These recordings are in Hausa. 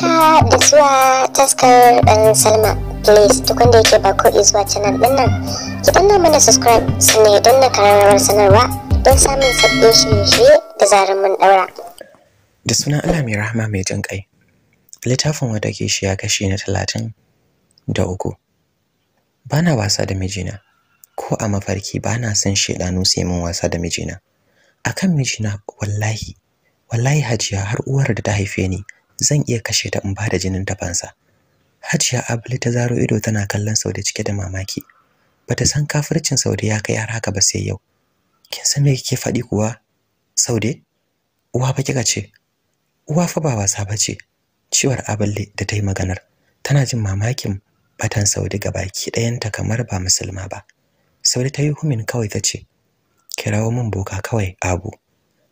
haka da zuwa taskar dan salma please duk wanda yake ba ko zuwa canal din nan ki danna mana subscribe sannan ya danna karamar sanarwa don samun sabbin shirye-shirye da zarar mun daura da sunan allah mai rahama mai jin kai littafin wanda ke shi ya kashi na talatin da uku bana wasa da mijina ko a mafarki bana son shedanu sai mun wasa da mijina akan mijina wallahi wallahi hajiya har uwar da ta haife ni zan iya kashe ta in ba da jinin ta fansa Hajiya Abli ta zaro ido tana kallon Saude cike da mamaki bata san kafircin saudi ya kai har haka ba sai yau kin san me kike faɗi kuwa Saude uwa ba kika ce uwa fa ba wasa ba ce. ciwar Abli da ta yi maganar tana jin mamakin batan saudi ga baki ɗayanta kamar ba musulma ba saudi ta yi humin kawai ta ce kirawo min boka kawai abu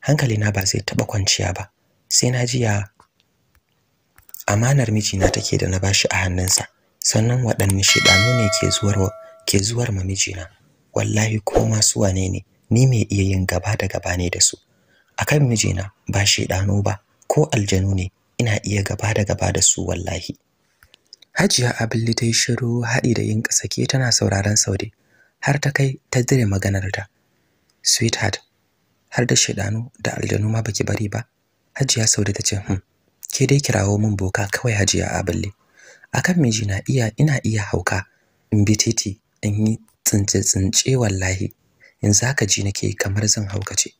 hankali na ba zai taɓa kwanciya ba sai na ji ya amanar mijina take da na bashi a hannunsa sannan waɗanne shidanu ne ke zuwar ke zuwar ma mijina wallahi ko masu wane ne ni mai iya yin gaba da gaba ne da su akan mijina ba shidanu ba ko aljanu ne ina iya gaba da gaba da su wallahi Hajiya a ta yi shiru haɗi da yin kasake tana sauraron Saude har ta kai ta dire maganar ta sweetheart har da shidanu da aljanu ma baki bari ba Hajiya Saude ta ce hmm ke dai kirawo min boka kawai hajiya a balle akan miji na iya ina iya hauka in bi titi in yi tsince tsince wallahi za zaka ji nake kamar zan haukace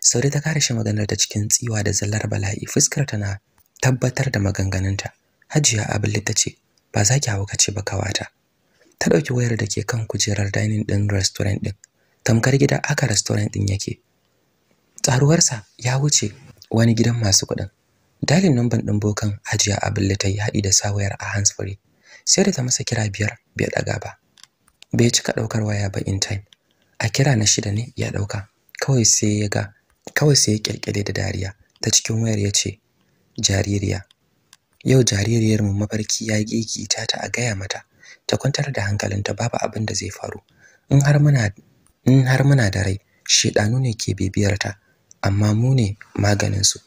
saudi ta shi maganar ta cikin tsiwa da zallar bala'i fuskar ta na tabbatar da maganganunta hajiya a balle ta ce ba za ki haukace ba kawata ta ɗauki wayar da ke kan kujerar dining ɗin restaurant ɗin tamkar gida aka restaurant ɗin yake tsaruwarsa ya wuce wani gidan masu kuɗin dalin numban ɗin bokan hajiya abin ta yi haɗi da sawayar a hands sai da ta masa kira biyar bai ɗaga ba bai cika ɗaukar waya ba in time a kira na shida ne ya ɗauka kawai sai ya ga kawai sai ya kirkire da dariya ta cikin wayar ya ce jaririya yau jaririyar mu mafarki ya gigi ta a gaya mata ta kwantar da hankalinta babu abin da zai faru in har muna in har muna da rai shedanu ne ke bibiyarta amma mu ne su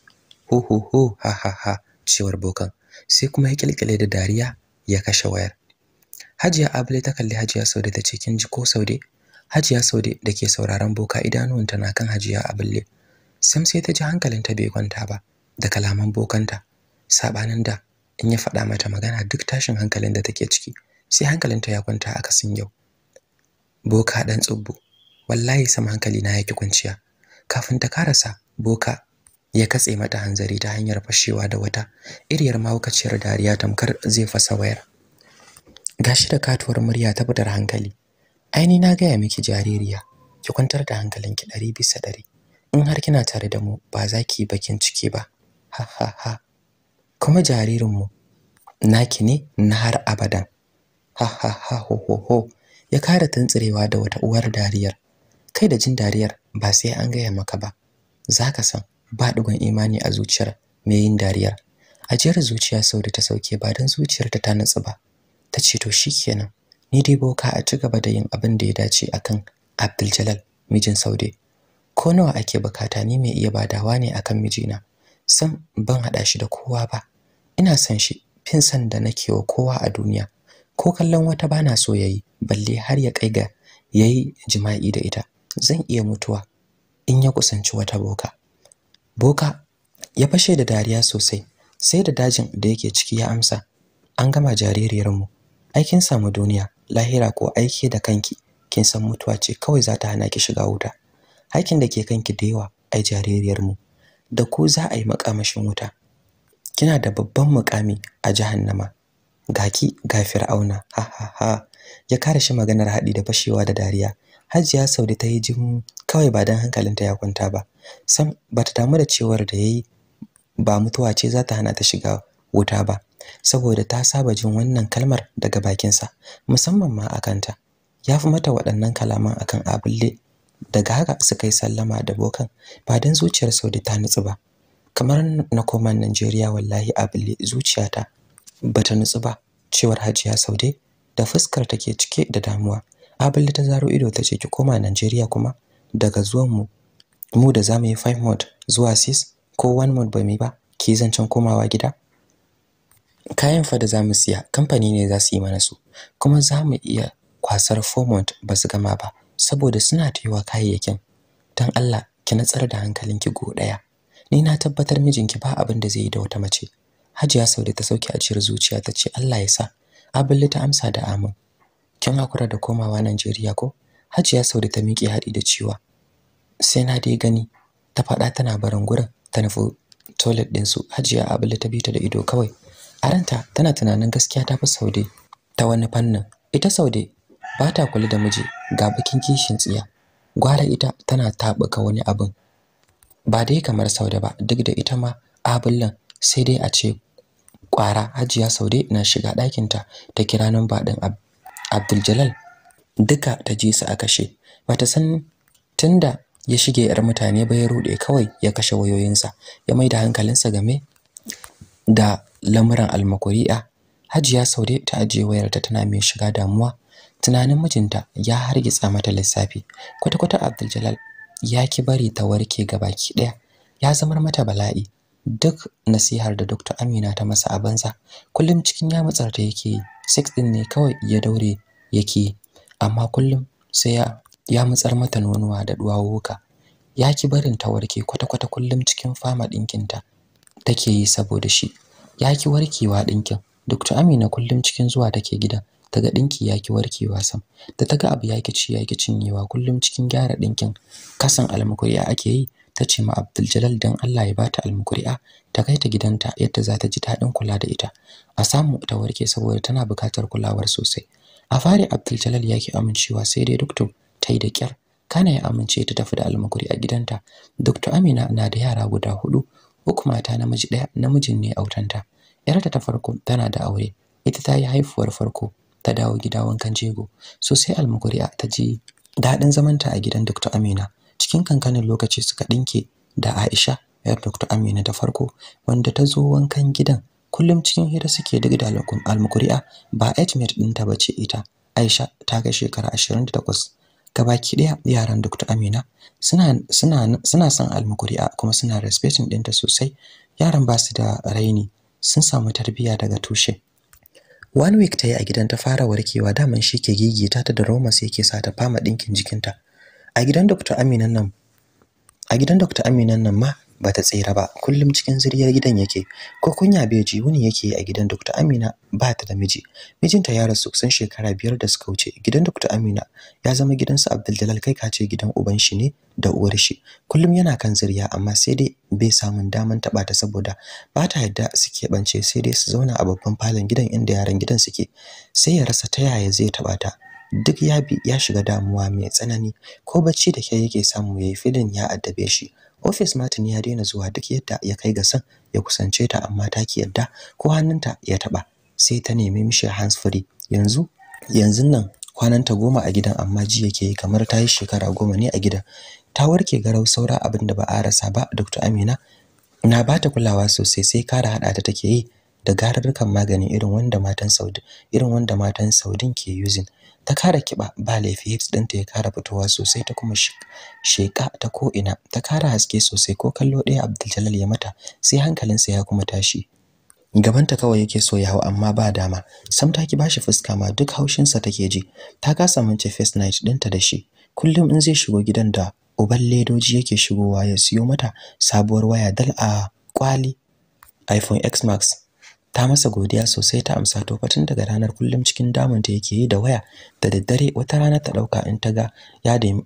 ho ho ho ha ha ha cewar bokan sai kuma ya kilkile da dariya ya kashe wayar hajiya abule ta kalli hajiya saude ta cikin kin ko saude hajiya saude da ke sauraron boka idanuwanta na kan hajiya abule sam sai ta ji hankalinta bai kwanta ba da kalaman bokanta sabanin da in ya faɗa mata magana duk tashin hankalin da take ciki sai hankalinta ya kwanta aka kasin yau boka dan tsubbu wallahi sam hankali na yake kwanciya kafin ta karasa boka ya katse mata hanzari ta hanyar fashewa da wata iriyar mahaukaciyar dariya tamkar zai fasa wayar gashi da katuwar murya ta fitar hankali aini na gaya miki jaririya ki kwantar da hankalinki ɗari bisa ɗari in har kina tare da mu ba za ki bakin ciki ba ha ha ha kuma jaririnmu naki ne na har abadan ha ha ha ho ho ho ya kara tantsirewa da wata uwar dariyar kai da jin dariyar ba sai an gaya maka ba Za ka san ba ɗigon imani a zuciyar mai yin dariyar ajiyar zuciya sau da ta sauke ba don zuciyar ta nutsu ba ta ce to kenan, ni dai boka a ci gaba da yin abin da ya dace akan Abdul mijin Saude ko nawa ake bukata ni mai iya badawa ne akan mijina San ban haɗa shi da kowa ba ina san shi fin san da nake wa kowa a duniya ko kallon wata bana so yayi balle har ya kai ga yayi jima'i da ita zan iya mutuwa in ya kusanci wata boka boka ya fashe da dariya sosai sai da dajin da yake ciki ya amsa an gama jaririyarmu mu. Aikin samu duniya lahira ko aiki da kanki kin san mutuwa ce kawai za ta hana ki shiga wuta hakin da ke kanki da yawa ai mu. da ku za a yi makamashin wuta kina da babban mukami a jahannama gaki ga fir'auna ha ha ha ya kare shi maganar haɗi da fashewa da dariya Hajiya Saudi ta yi jin kawai ba dan hankalinta ya kwanta ba. Sam bata damu da cewar da ya yi ba mutuwa ce za ta hana ta shiga wuta ba saboda ta saba jin wannan kalmar daga bakinsa musamman ma a kanta. Ya fi mata waɗannan kalaman akan abulle daga haka suka yi sallama da bokan ba dan zuciyar Saudi ta nutsu ba. Kamar na koma Najeriya wallahi abulle zuciyata bata nutsu ba cewar Hajiya Saude da fuskar take cike da damuwa. abinda ta zaro ido ta ce ki koma Najeriya kuma daga zuwan mu mu da zamu yi 5 month zuwa 6 ko 1 month ba mu ba ki zancen komawa gida kayan fa da zamu siya kamfani ne za su yi mana su kuma zamu iya kwasar 4 month ba su gama ba saboda suna taiwa kayayyakin dan Allah ki natsar da hankalinki go daya ni na tabbatar mijinki ba abin da zai yi da wata mace Hajiya Saude ta sauke a cikin zuciya ta ce Allah ya sa Abdullahi ta amsa da amin kin hakura da komawa Najeriya ko Hajiya Saudi ta miƙe haɗi da cewa sai na dai gani ta faɗa tana barin gurin ta nufi toilet din su Hajiya Abdullahi ta bi ta da ido kawai a ranta tana tunanin gaskiya ta fi Saude ta wani fannin ita Saude ba ta kula da miji ga bakin kishin tsiya gwara ita tana tabuka wani abin ba dai kamar Saude ba duk da ita ma Abdullahi sai dai a ce ƙwara. Hajiya Saude na shiga ɗakinta ta kira namba ɗin Abdul duka ta je su a kashe bata san tunda ya shige yar mutane ba ya rude kawai ya kashe wayoyinsa ya maida hankalinsa game da lamuran almakuri'a Hajiya Saude ta ajiye wayarta tana mai shiga damuwa tunanin mijinta ya hargitsa mata lissafi kwata-kwata Abdul ya ki bari ta warke gabaki daya ya zamar mata bala'i duk nasihar da Dr. Amina ta masa a banza kullum cikin ya ta yake yi sex din ne kawai ya daure yake amma kullum sai ya ya mutsar mata nonuwa da duwawuka ya ki barin ta warke kwata-kwata kullum cikin fama ɗinkinta take yi saboda shi ya ki warkewa ɗinkin Dr. Amina kullum cikin zuwa take gidan taga dinki ki warkewa sam da taga abu ya ki ci ya ki cinyewa kullum cikin gyara dinkin kasan a ake yi ta ce ma Abdul don dan Allah ya bata almukuri'a ta kai ta gidanta yadda za ta ji daɗin kula da ita a samu ta warke saboda tana buƙatar kulawar sosai a fari Abdul Jalal yake amincewa sai dai doctor ta yi da kyar kana ya amince ta tafi da almukuri'a gidanta Dr. Amina na da yara guda hudu uku mata namiji ɗaya namijin ne autanta yarta ta farko tana da aure ita ta yi haifuwar farko ta dawo gida wankan jego so sai almukuri'a ta ji daɗin zamanta a gidan Dr. Amina cikin kankanin lokaci suka ɗinke da Aisha yar Dr. Amina ta farko wanda ta zo wankan gidan kullum cikin hira suke duk da almukuri'a ba age ɗinta ba ce ita Aisha ta ga shekara 28 gabaki daya yaran Dr. Amina suna suna suna son almukuri'a kuma suna respecting ɗinta sosai yaran ba su da raini sun samu tarbiyya daga tushe One week ta yi a gidan ta fara warkewa daman shi ke gigita ta da Roma yake sa ta fama ɗinkin jikinta a gidan Dr. Aminan nan a gidan Dr. Aminan nan ma ba ta tsira ba kullum cikin ziryar gidan yake ko kunya bai ji wuni yake a gidan Dr. Amina ba ta da miji mijinta ya rasu sun shekara biyar da suka wuce gidan Dr. Amina ya zama gidansa Abdul kai kace gidan uban shi ne da uwar shi kullum yana kan zirya amma sai dai bai samun daman taba ta saboda ba ta yadda suke bance sai dai su zauna a babban falon gidan inda yaran gidan suke sai ya rasa ta yaya zai taba ta duk yabi ya shiga damuwa mai tsanani ko bacci da ke yake samu yayi filin ya addabe shi office martin ya daina zuwa duk yadda ya kai ga san ya kusance ta amma ta ki yadda ko hannunta ya taba sai ta nemi mishi hands free yanzu yanzu nan ta goma a gidan amma ji yake yi kamar ta yi shekara goma ne a gidan ta warke garau saura abin da ba a rasa ba dr amina na ba ta kulawa sosai sai kara hada ta take yi da garurrukan magani irin wanda matan Saudi irin wanda matan Saudin ke using ta kara kiba ba laifi hips ɗinta ya kara fitowa sosai ta kuma sheka ta ko ina ta kara haske sosai ko kallo ɗaya Abdul ya mata sai hankalinsa ya kuma tashi gabanta kawai yake so ya amma ba dama sam ta ki bashi fuska ma duk haushinsa take ji ta kasa mance face night ɗinta da shi kullum in zai shigo gidan da uban ledoji yake shigowa ya siyo mata sabuwar waya dal a kwali iPhone X Max ta masa godiya sosai ta amsa to fatin daga ranar kullum cikin damun ta yake yi da waya da daddare wata rana ta dauka in ta ga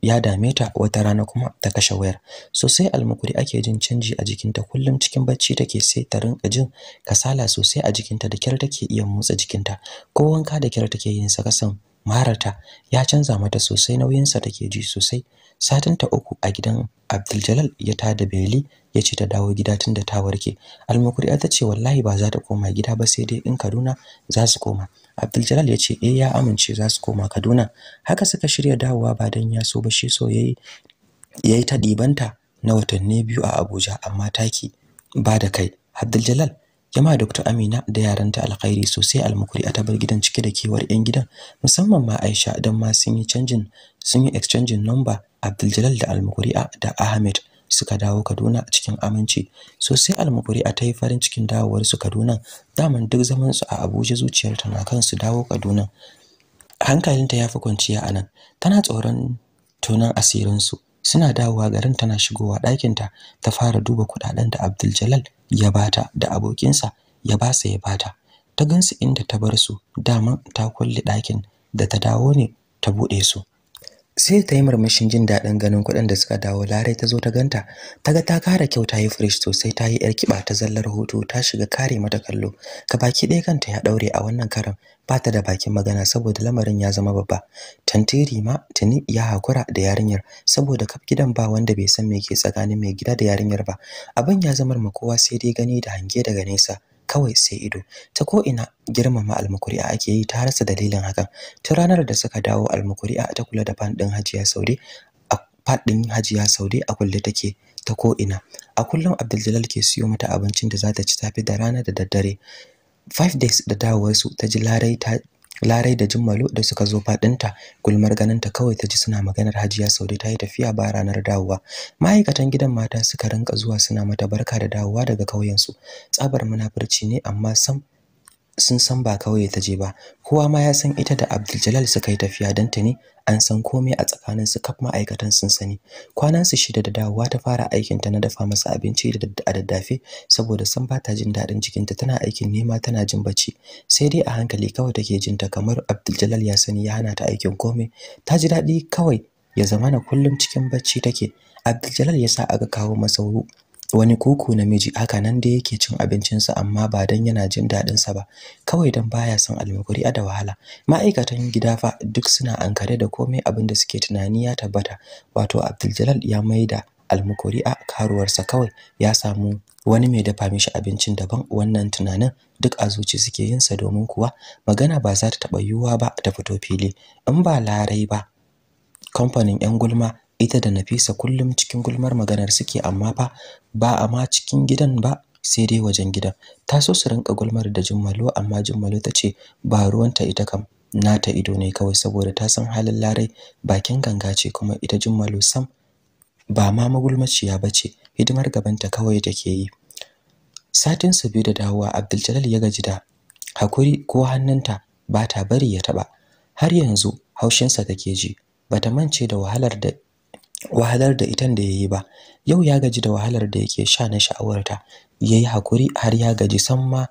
ya dame ta wata rana kuma ta kashe wayar sosai almukuri ake jin canji a jikinta kullum cikin bacci take sai ta rinka jin kasala sosai a jikinta da kyar take iya motsa jikinta ko wanka da kyar take yin sa kasan marata ya canza mata sosai nauyinsa take ji sosai satin ta uku a gidan Abdul ya tada beli ya ce ta dawo gida tunda ta warke almukuriya ta ce wallahi ba za ta koma gida ba sai dai in Kaduna za su koma Abdul ya ce eh ya amince za su koma Kaduna haka suka shirya dawowa ba dan ya so ba shi so yayi yayi ta dibanta na watanni biyu a Abuja amma taki ba da kai Abdul Jama'a Dr. Amina da yaranta alkhairi sosai almukuri a tabar gidan cike da kewar 'yan gidan musamman ma Aisha dan ma sun yi canjin sun yi exchanging number Abdul da almukuri da Ahmed suka dawo Kaduna cikin aminci sosai almukuri a ta yi farin cikin dawowar su Kaduna daman duk zaman su a Abuja zuciyar ta na kan su dawo Kaduna hankalinta ya fi kwanciya anan tana tsoron tunan asirin su suna dawowa garin tana shigowa ɗakinta ta fara duba kuɗaɗen da Abdul Jalal ya bata da abokinsa ya basa ya bata ta gansu inda ta bar su dama ta kulle ɗakin da ta dawo ne ta buɗe su sai ta yi murmushin jin daɗin ganin kuɗin da suka dawo larai ta zo ta ganta ta ga ta kara kyau ta yi fresh sosai ta yi yar kiba ta zallar hoto ta shiga kare mata kallo ka baki ɗaya kanta ya ɗaure a wannan karan ba ta da bakin magana saboda lamarin ya zama babba tantiri ma tuni ya hakura da yarinyar saboda kaf gidan ba wanda bai san me ke tsakanin mai gida da yarinyar ba abin ya zamar ma kowa sai dai gani da hange daga nesa kawai sai ido ta ko ina girmama almukuri'a ake yi ta rasa dalilin hakan tun ranar da suka dawo almukuri'a ta kula da fan din Hajiya Saude a fadin Hajiya Saude a kulle take ta ko ina a kullum Abdul ke siyo mata abincin da za ta ci tafi da rana da daddare 5 days da dawowar su ta ji larai ta larai da jummalo da suka zo faɗinta gulmar ganinta kawai ta ji suna maganar hajiya saudi ta yi tafiya ba ranar dawowa ma'aikatan gidan mata suka rinka zuwa suna mata barka da dawowa daga ƙauyensu tsabar munafurci ne amma sam sun san ba kauye ta je ba kowa ma ya san ita da Abdul suka yi tafiya dan ta ne an san komai a tsakanin su kaf ma'aikatan sun sani kwanan su shida da dawowa ta fara aikin ta na dafa masa abinci da daddafe saboda san ba ta jin dadin cikin ta tana aikin nema tana jin bacci sai dai a hankali kawai take jin ta kamar Abdul ya sani ya hana ta aikin komai ta ji daɗi kawai ya zama na kullum cikin bacci take Abdul ya sa aka kawo masa wani kuku namiji haka nan da yake cin abincinsa amma ba dan yana jin daɗinsa ba kawai dan baya son almakuri da wahala ma'aikatan gida fa duk suna ankare da komai abin da suke tunani ya tabbata wato Abdul ya maida almakuri a karuwarsa kawai ya samu wani mai dafa mishi abincin daban wannan tunanin duk a zuci suke yinsa domin kuwa magana ba za ta taɓa yiwuwa ba ta fito fili in ba larai ba kamfanin 'yan gulma ita da Nafisa kullum cikin gulmar maganar suke amma fa ba a ma cikin gidan ba sai dai wajen gidan ta so su rinka gulmar da Jummalo amma Jummalo ta ce ba ruwanta ita kam nata ido ne kawai saboda ta san halin Larai bakin ganga ce kuma ita Jummalo sam ba ma magulmaciya ba ce hidimar gabanta kawai take yi satin su biyu da dawowa Abdul ya gaji da hakuri ko hannunta ba ta bari ya taba har yanzu haushinsa take ji bata mance da wahalar da wahalar da itan da yayi ba yau ya gaji da wahalar da yake sha na sha'awarta yayi hakuri har ya gaji san ma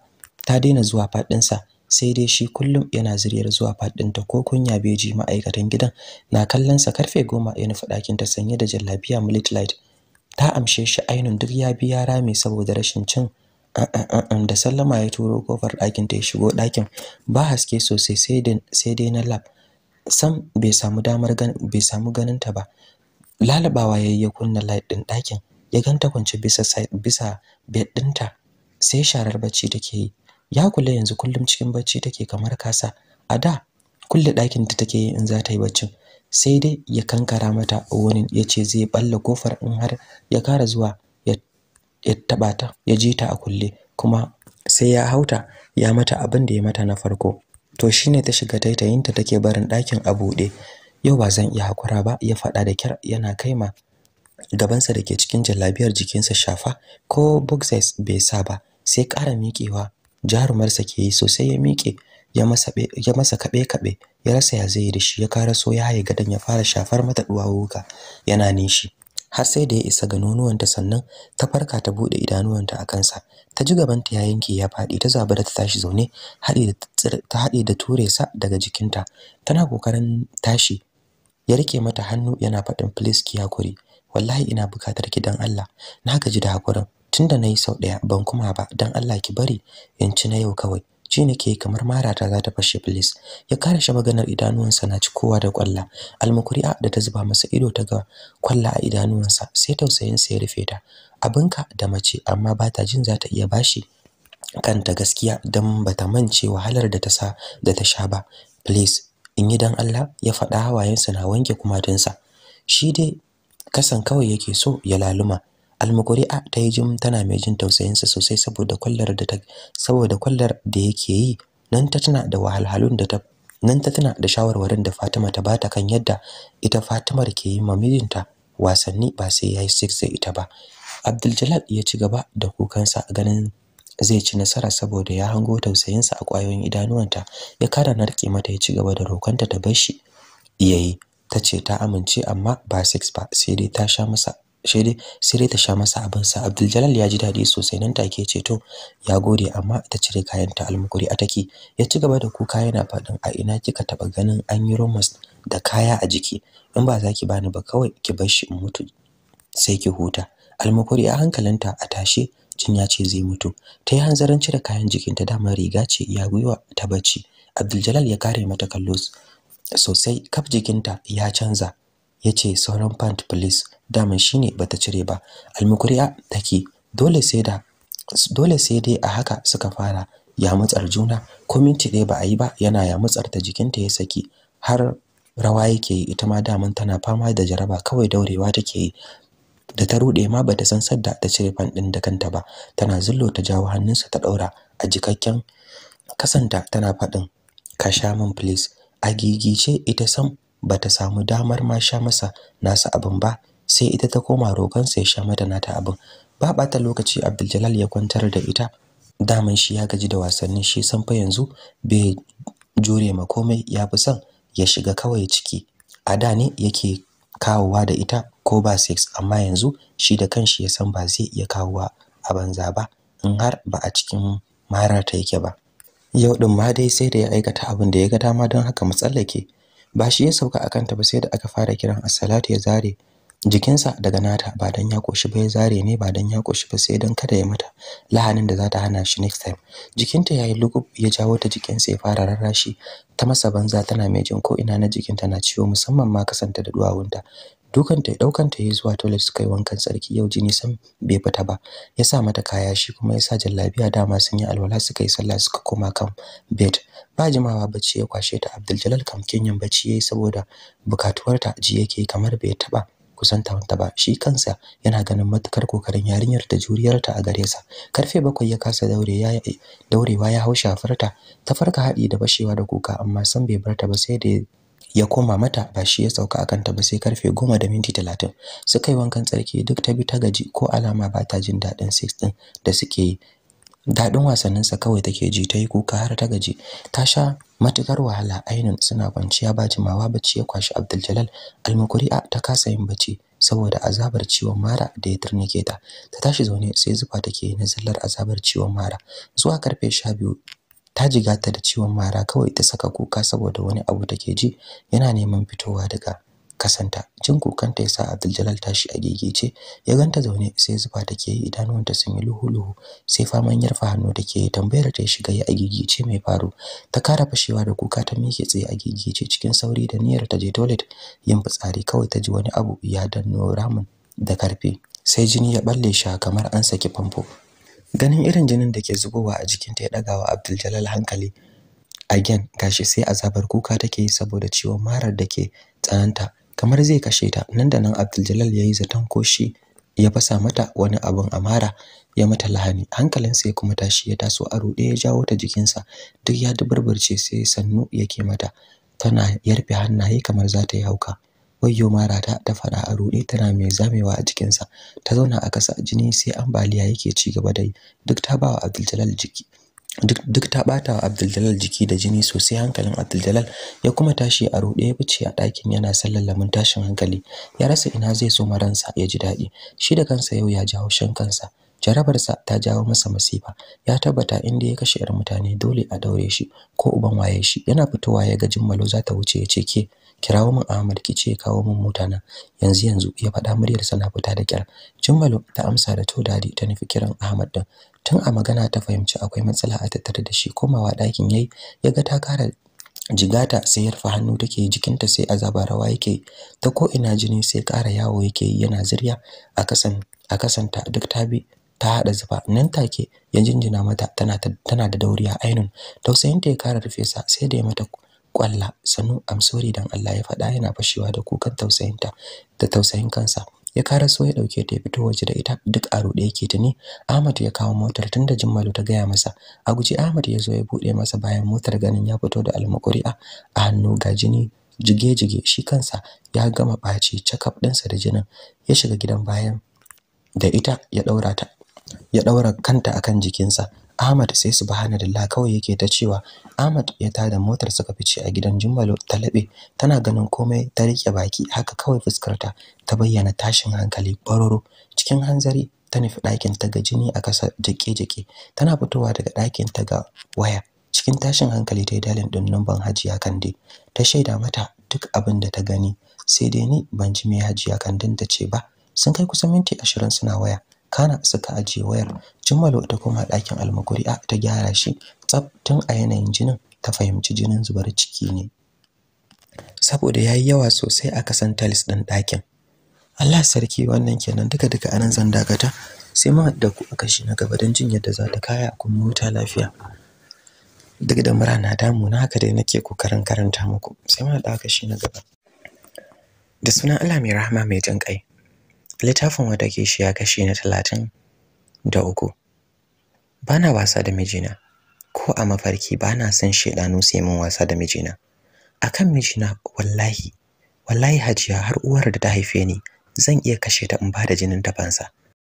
ta daina zuwa fadin sa sai dai shi kullum yana ziryar zuwa fadin ta ko kunya beji ma'aikatan gidan na kallon sa karfe 10 yana fadakin ta sanye da jallabiya millet light ta amshe shi ainun duk ya biya rami saboda rashin cin ah, ah, ah, da sallama ya turo kofar ɗakin ta ya shigo ɗakin ba haske sosai sai dai na lab sam bai samu damar bai samu ganin ta ba lalabawa yayi ya kunna light din ɗakin ya ganta kwance bisa side bisa bed ɗinta sai sharar bacci take yi ya kula yanzu kullum cikin bacci take kamar kasa a da kulle ɗakin ta take yi in za ta yi baccin sai dai ya kankara mata wani ya ce zai balla kofar in har ya kara zuwa ya taba ta ya ji ta a kulle kuma sai ya hauta ya mata abin da ya mata na farko to shine ta shiga taitayinta take barin ɗakin a buɗe yau ba zan iya hakura ba ya faɗa da kyar yana kaima gabansa da ke cikin jallabiyar jikinsa shafa ko boxers bai sa ba sai ƙara miƙewa jarumarsa ke yi sosai ya miƙe ya masa kaɓe-kaɓe ya rasa ya zai da shi ya kara so ya haye gadon ya fara shafar mata duwawuka yana nishi har sai da ya isa ga nonuwanta sannan ta farka ta bude idanuwanta a kansa ta ji gabanta ya yanke ya faɗi ta zaba da ta tashi zaune ta haɗe da ture sa daga jikinta tana kokarin tashi ya rike mata hannu yana faɗin please ki hakuri wallahi ina bukatar ki dan Allah na gaji da hakurin tunda nayi sau daya ban kuma ba dan Allah ki bari in ci na yau kawai ci nake kamar marata za ta fashe please ya karashe maganar idanuwansa na ci kowa da kwalla almukuri'a da ta zuba masa ido ta ga kwalla a idanuwansa sai tausayin sa ya rufe ta abinka da mace amma ba ta jin za ta iya bashi kanta gaskiya dan bata mance wahalar da ta sa da ta sha ba please in yi dan Allah ya faɗa hawayensa na wanke kumatunsa shi dai kasan kawai yake so ya laluma almukuri'a ta yi jin tana mai jin tausayinsa sosai saboda kwallar da ta saboda kwallar da yake yi nan ta tana da wahalhalun da ta nan ta tana da shawarwarin da Fatima ta bata kan yadda ita Fatimar ke yi ma mijinta wasanni ba sai yayi sex da ita ba Abdul ya ci gaba da kukansa ganin zai ci nasara saboda ya hango tausayinsa a ƙwayoyin idanuwanta ya kara narke mata ya ci gaba da rokonta ta bar shi iyayi ta ce ta amince amma ba sex ba sai dai ta sha masa sai dai sai dai ta sha masa abin sa Abdul ya ji dadi sosai nan take ce to ya gode amma ta cire kayan ta almukuri a take ya ci gaba da kuka yana faɗin a ina kika taba ganin an yi romance da kaya a jiki in ba za bani ba kawai ki bar shi in mutu sai ki huta almukuri a hankalinta a tashe jin ya ce zai mutu ta yi hanzarin cire kayan jikinta dama riga ce ya gwiwa ta bacci abdul ya kare mata kallo sosai kaf jikinta ya canza ya ce sauran pant police daman shine ta cire ba almukuri'a take dole sai da dole sai dai a haka suka fara Ya yamutsar juna ko minti ɗaya ba a yi ba yana ya yamutsar ta jikinta ya saki har rawa yake yi ita ma damar tana fama da jaraba kawai daurewa take yi da ta rude ma bata san sadda ta cire fan din da kanta ba tana zullo ta jawo hannunsa ta daura a jikakken kasanta tana fadin ka sha min please agigice ita sam bata samu damar ma sha masa nasa abin ba sai ita ta koma roƙon sai sha mata nata abin ba bata lokaci Abdul ya kwantar da ita daman shi ya gaji da wasannin shi san fa yanzu bai jure ma komai ya fi son ya shiga kawai ciki a da ne yake kawowa da ita ko ba sex amma yanzu shi da kanshi ya san ba zai iya kawowa a banza ba in har ba a cikin marata yake ba yau din ma dai sai da ya aikata abin da ya ga dama don haka mu tsallake ba shi ya sauka a kanta ba sai da aka fara kiran assalatu ya zare jikinsa daga nata ba don ya koshi ba ya zare ne ba don ya koshi ba sai don kada ya mata lahanin da za ta hana shi next time jikinta ya yi lugub ya jawo ta jikinsa ya fara rarrashi ta masa banza tana mai jin ko ina na jikinta na ciwo musamman ma kasanta da duwawunta dukanta daukanta yayi zuwa toilet suka yi wankan sarki yau jini sam bai fita ba ya sa mata kaya shi kuma ya sa jallabiya dama sun yi alwala suka yi sallah suka koma kan bed ba jimawa bacci ya kwashe ta Abdul Jalal kam kinyan bacci yi saboda bukatuwarta ji yake kamar bai taba kusantawanta ba shi kansa yana ganin matukar kokarin yarinyar da juriyarta a gare sa karfe bakwai ya kasa daure ya daurewa ya hau shafarta ta farka haɗi da bashewa da kuka amma san bai barta ba sai da ya koma mata ba shi ya sauka a kanta ba sai karfe goma da minti talatin suka yi wankan tsarki duk ta bi ta gaji ko alama ba ta jin daɗin 16 da suke yi daɗin wasanninsa kawai take ji ta yi kuka har ta gaji ta sha matukar wahala ainun suna kwanciya ba jimawa bacci ya kwashi Abdul almukuri'a ta kasa yin bacci saboda azabar ciwon mara da ya turnike ta ta tashi zaune sai zufa take na zallar azabar ciwon mara zuwa karfe 12 ta jigata da ciwon mara kawai ta saka kuka saboda wani abu take ji yana neman fitowa daga kasanta jin kukanta yasa Abdul Jalal tashi a gegece ya ganta zaune sai zuba take yi idanuwanta sun yi luhu-luhu sai faman yarfa hannu take yi tambayar ta shiga ya a gegece mai faru ta kara fashewa da kuka ta miƙe tsaye a gegece cikin sauri da niyyar ta je toilet yin fitsari kawai ta ji wani abu ya danno ramin da karfi sai jini ya balle shi kamar an saki famfo ganin irin jinin da ke zubowa a jikinta ya ɗagawa Abdul Jalal hankali again gashi sai azabar kuka take yi saboda ciwon marar da ke tsananta kamar zai kashe ta nan da nan Abdul yayi zaton ko shi ya fasa mata wani abun amara ya mata lahani hankalinsa ya kuma tashi ya taso a ruɗe ya jawo ta jikinsa duk ya dubarbarce sai sannu yake mata tana yarfe hannaye kamar za ta yi hauka wayyo marata ta fada a ruɗe tana mai zamewa a jikinsa ta zauna a kasa jini sai ambaliya yake ci gaba da duk ta bawa Abdul jiki duk ta bata wa Abdul jiki da jini sosai hankalin Abdul ya kuma tashi a ruɗe ya fice a ɗakin yana sallalamin tashin hankali ya rasa ina zai so maransa ya ji daɗi shi da kansa yau ya jawo shan kansa jarabarsa ta jawo masa masifa ya tabbata inda ya kashe yar mutane dole a daure shi ko uban waye shi yana fitowa ya ga jimmalo za ta wuce ya ce ke kirawo min Ahmad ki ce kawo min mota nan yanzu yanzu ya faɗa muryar na fita da kyar Jummalo ta amsa da to dadi ta nufi kiran Ahmad din tun a magana ta fahimci akwai matsala a tattare da shi komawa ɗakin yayi ya ga ta kara jigata sai ya rufe hannu take jikinta sai azaba rawa yake ta ko ina jini sai kara yawo yake yana zirya a kasan a kasanta duk ta bi ta hada zuba nan take ya jinjina mata tana tana da dauriya ainun tausayinta ya kara rufe sa sai da ya mata kwalla sannu am sorry dan Allah ya faɗa yana fashewa da kukan tausayinta da tausayin kansa ya so ya dauke ta ya fito waje da ita duk a rude yake ta ne Ahmad ya kawo motar tunda Jimmalu ta gaya masa a guji Ahmad ya zo ya bude masa bayan motar ganin ya fito da almakuri'a a hannu ga jini jige-jige shi kansa ya gama ɓaci cakaf ɗinsa da jinin ya shiga gidan bayan da ita ya daura ta ya daura kanta akan jikinsa Ahmad sai subhanallah kawai yake ta cewa Ahmad ya tada motar suka fice a gidan Jummalo ta labe tana ganin komai ta rike baki haka kawai fuskarta ta bayyana tashin hankali bororo cikin hanzari ta nufi ɗakin ta ga jini a kasa jike-jike tana fitowa daga ɗakin ta ga waya cikin tashin hankali ta yi dalin ɗin numban Hajiya Kande ta shaida mata duk abin da ta gani sai dai ni ban ji me Hajiya Kande ta ce ba sun kai kusan minti ashirin suna waya kana suka ajiye wayar jummalo ta koma ɗakin almakuri ta gyara shi tsab tun a yanayin jinin ta fahimci jinin zubar ciki ne saboda yayi yawa sosai aka san talis ɗin ɗakin Allah sarki wannan kenan duka duka anan zan dakata sai mu da ku a shi na gaba don jin yadda za ta kaya kuma huta lafiya duk da mura na damu na haka dai nake kokarin karanta muku sai mu da shi na gaba da suna Allah mai rahama mai jin ƙai. littafin wata ya kashi na talatin da uku bana wasa da mijina ko a mafarki bana son su sai min wasa da mijina A kan mijina wallahi wallahi hajiya har uwar da ta haife ni zan iya kashe ta in ba da jinin ta fansa